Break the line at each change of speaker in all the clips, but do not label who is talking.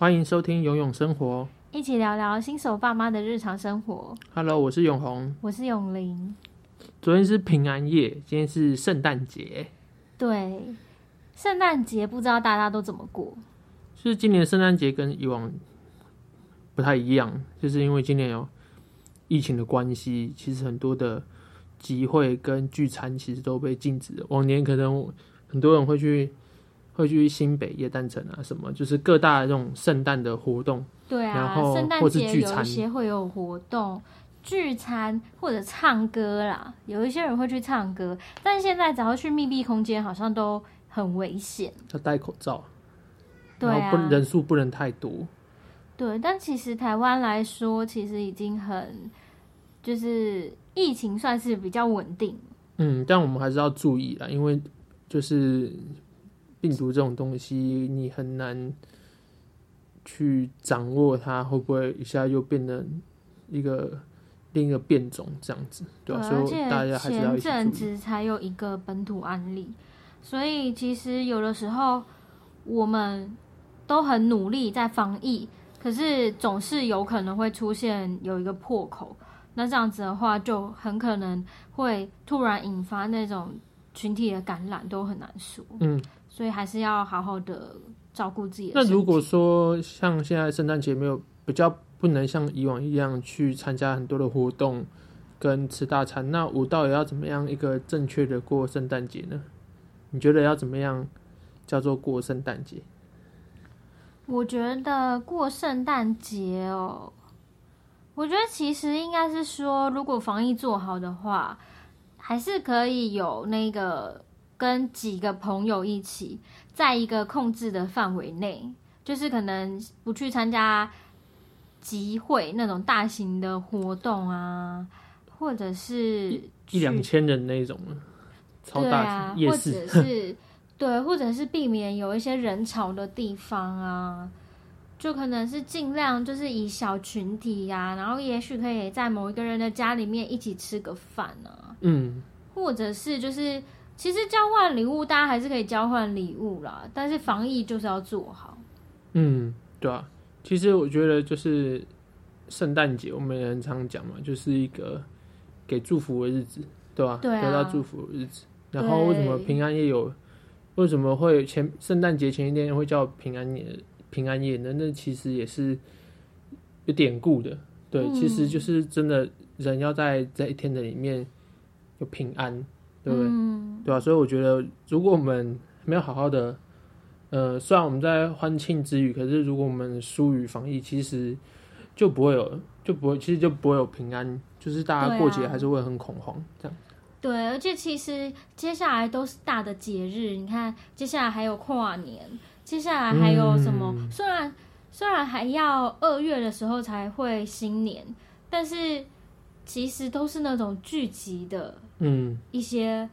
歡迎收聽《永詠生活》，
一起聊聊新手爸媽的日常生活。
Hello，我是永紅，
我是永玲。
昨天是平安夜，今天是聖誕節。
對，聖誕節不知道大家都怎麼過？
就是今年的聖誕節跟以往不太一樣，就是因為今年有疫情的關係，其實很多的集會跟聚餐其實都被禁止了。往年可能很多人會去。會去新北耶誕城啊，什麼就是各大這種聖誕的活動，
對啊，聖誕節有一些會有活動聚餐或者唱歌啦，有一些人會去唱歌，但現在只要去密閉空間，好像都很危險，
要戴口罩，
對啊，人
數不能太多，
對，但其實台灣來說，其實已經很就是疫情算是比較穩定，
嗯，但我們還是要注意啦，因為就是。病毒這種東西，你很難去掌握它會不會一下又變成一個另一個變種這樣子，對啊，所以大家還是要一直。前陣子
才有一個本土案例，所以其實有的時候我們都很努力在防疫，可是總是有可能會出現有一個破口，那這樣子的話就很可能會突然引發那種。群體的感染都很難說，嗯，所以還是要好好的照顧自己的身體。那如
果說像現在聖誕節沒有比較，不能像以往一樣去參加很多的活動跟吃大餐，那我到底要怎麼樣一個正確的過聖誕節呢？你覺得要怎麼樣叫做過聖誕節？
我覺得過聖誕節哦，我覺得其實應該是說，如果防疫做好的話。還是可以有那個跟幾個朋友一起，在一個控制的範圍內，就是可能不去參加集會那種大型的活動啊，或者是一
兩千人那種，對啊，或者是
對，或者是避免有一些人潮的地方啊，就可能是盡量就是以小群體呀、啊，然後也許可以在某一個人的家裡面一起吃個飯呢。嗯，或者是就是，其實交換禮物，大家還是可以交換禮物啦。但是防疫就是要做好。嗯，
對啊。其實我覺得就是，聖誕節我們也很常講嘛，就是一個給祝福的日子，對吧、啊？對、啊，得到祝福的日子。然後為什麼平安夜有？對為什麼會前聖誕節前一天會叫平安夜？平安夜呢？那其實也是有典故的。對，嗯、其實就是真的人要在這一天的裡面。就平安，對不對？嗯、對啊。所以我覺得，如果我們沒有好好的，呃，雖然我們在歡慶之餘，可是如果我們疏於防疫，其實就不會有，就不會，其實就不會有平安。就是大家過節還是會很恐慌，這樣，
對，而且其實接下來都是大的節日，你看，接下來還有跨年，接下來還有什麼？嗯、雖然雖然還要二月的時候才會新年，但是。其實都是那種聚集的，嗯，一些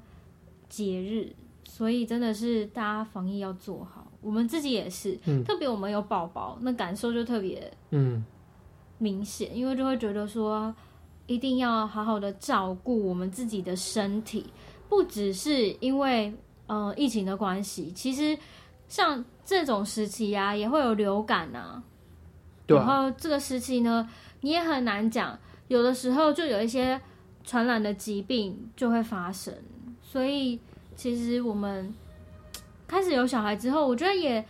節日，所以真的是大家防疫要做好。我們自己也是，嗯，特別我們有寶寶，那感受就特別，嗯，明顯，因為就會覺得說一定要好好的照顧我們自己的身體，不只是因為嗯、呃、疫情的關係，其實像這種時期呀、啊，也會有流感吶、啊，啊、
對、然後
這個時期呢，你也很難講。有的時候就有一些傳染的疾病就會發生，所以其實我們開始有小孩之後，我覺得也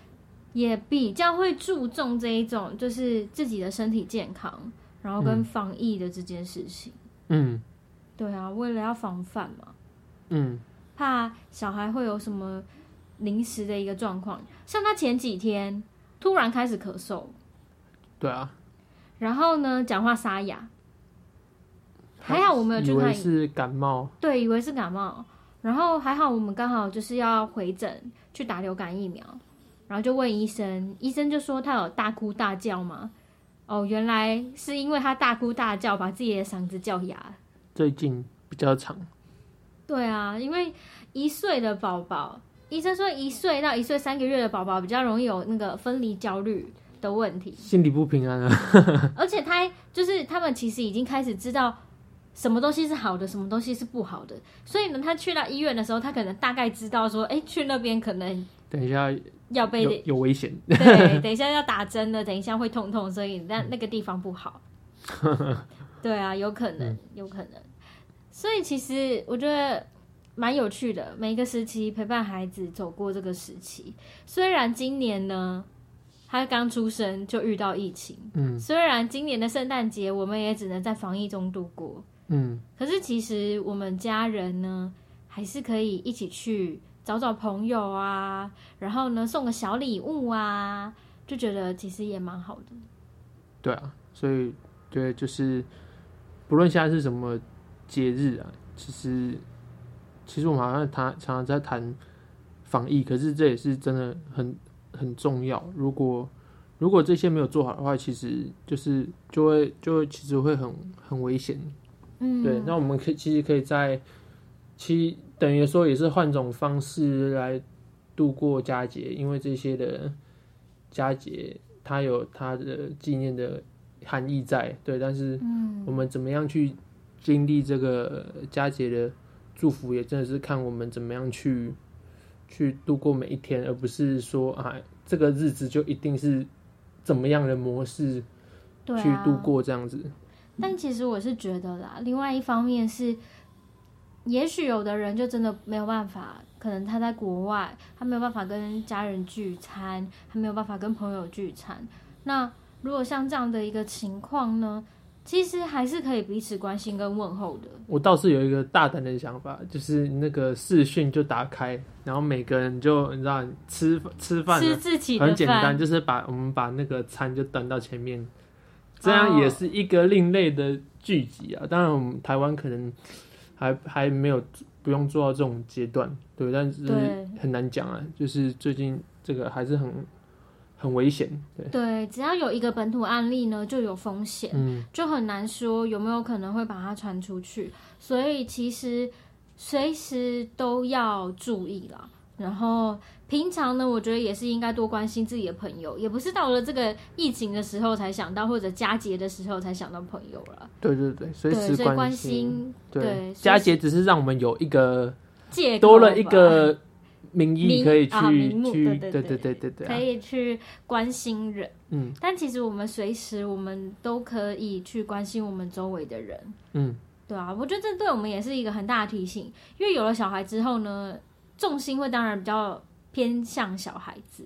也比較會注重這一種，就是自己的身體健康，然後跟防疫的這件事情。嗯，對啊，為了要防範嘛，嗯，怕小孩會有什麼臨時的一個狀況，像他前幾天突然開始咳嗽，
對啊，
然後呢，講話沙啞。還好我們有覺得他以，以為是
感冒。
對，以為是感冒。然後還好我們剛好就是要回診去打流感疫苗，然後就問醫生，醫生就說他有大哭大叫嘛？哦，原來是因為他大哭大叫，把自己的嗓子叫啞。
最近比較長。
對啊，因為一歲的寶寶，醫生說一歲到一歲三個月的寶寶比較容易有那個分離焦慮的問題，心
裡不平安啊。
而且他就是他們其實已經開始知道。什麼東西是好的，什麼東西是不好的？所以呢，他去到醫院的時候，他可能大概知道說，哎、欸，去那邊可能
等一下要被有危險，
對，等一下要打針了，等一下會痛痛，所以那那個地方不好。嗯、 對啊，有可能，有可能。嗯、所以其實我覺得蠻有趣的，每一個時期陪伴孩子走過這個時期。雖然今年呢。他剛出生就遇到疫情，嗯，雖然今年的聖誕節我們也只能在防疫中度過，嗯，可是其實我們家人呢還是可以一起去找找朋友啊，然後呢送個小禮物啊，就覺得其實也蠻好的。
對啊，所以對，就是不論現在是什麼節日啊，其實其實我們好像常常常在談防疫，可是這也是真的很。很重要，如果如果這些沒有做好的話，其實就是就會就其實會很很危險。嗯，對。那我們可以其實可以在，其等於說也是換種方式來度過佳節，因為這些的佳節它有它的紀念的含義在。對，但是嗯，我們怎麼樣去經歷這個佳節的祝福，也真的是看我們怎麼樣去。去度過每一天，而不是說啊，這個日子就一定是怎麼樣的模式去度過這樣子。
啊、但其實我是覺得啦，另外一方面是，嗯、也許有的人就真的沒有辦法，可能他在國外，他沒有辦法跟家人聚餐，他沒有辦法跟朋友聚餐。那如果像這樣的一個情況呢？其實還是可以彼此關心跟問候的。
我倒是有一個大膽的想法，就是那個視訊就打開，然後每個人就你知道吃吃飯吃自己的飯，很簡單，就是把我們把那個餐就端到前面，這樣也是一個另類的聚集啊。Oh. 當然，我們台灣可能還還沒有不用做到這種階段，對，但是就是很難講啊，就是最近這個還是很。很危險，
對對，只要有一個本土案例呢，就有風險，嗯、就很難說有沒有可能會把它傳出去。所以其實隨時都要注意啦。然後平常呢，我覺得也是應該多關心自己的朋友，也不是到了這個疫情的時候才想到，或者佳節的時候才想到朋友了。
對對對，隨時關心。對佳節，對對只是讓我們有一個借多了一個。名義可以去，啊、名目去對對對對對對，可以
去關心人，嗯，但其實我們隨時我們都可以去關心我們周圍的人，嗯，對啊，我覺得這對我們也是一個很大的提醒，因為有了小孩之後呢，重心會當然比較偏向小孩子，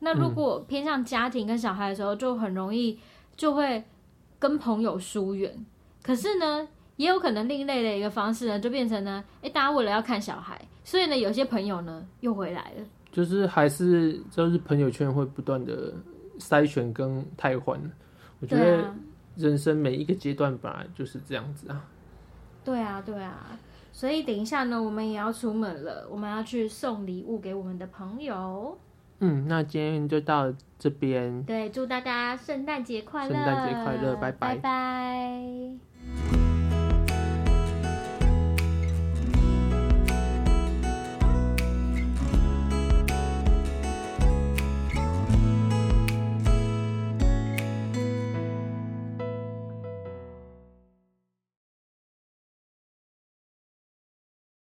那如果
偏向家庭跟小孩的時候，就很容易就會跟朋友疏遠，可是呢。也有可能另類的一個方式呢，就變成呢，哎、欸，大家為了要看小孩，所以呢，有些朋友呢又回來了，
就是還是就是朋友圈會不斷的篩選跟汰換。我覺得人生每一個階段吧，就是這樣子啊。
對啊，對啊，啊、所以等一下呢，我們也要出門了，我們要去送禮物給我們的朋友。
嗯，那今天就到這邊。
對，祝大家聖誕節快樂！聖誕節快樂，拜拜！拜拜。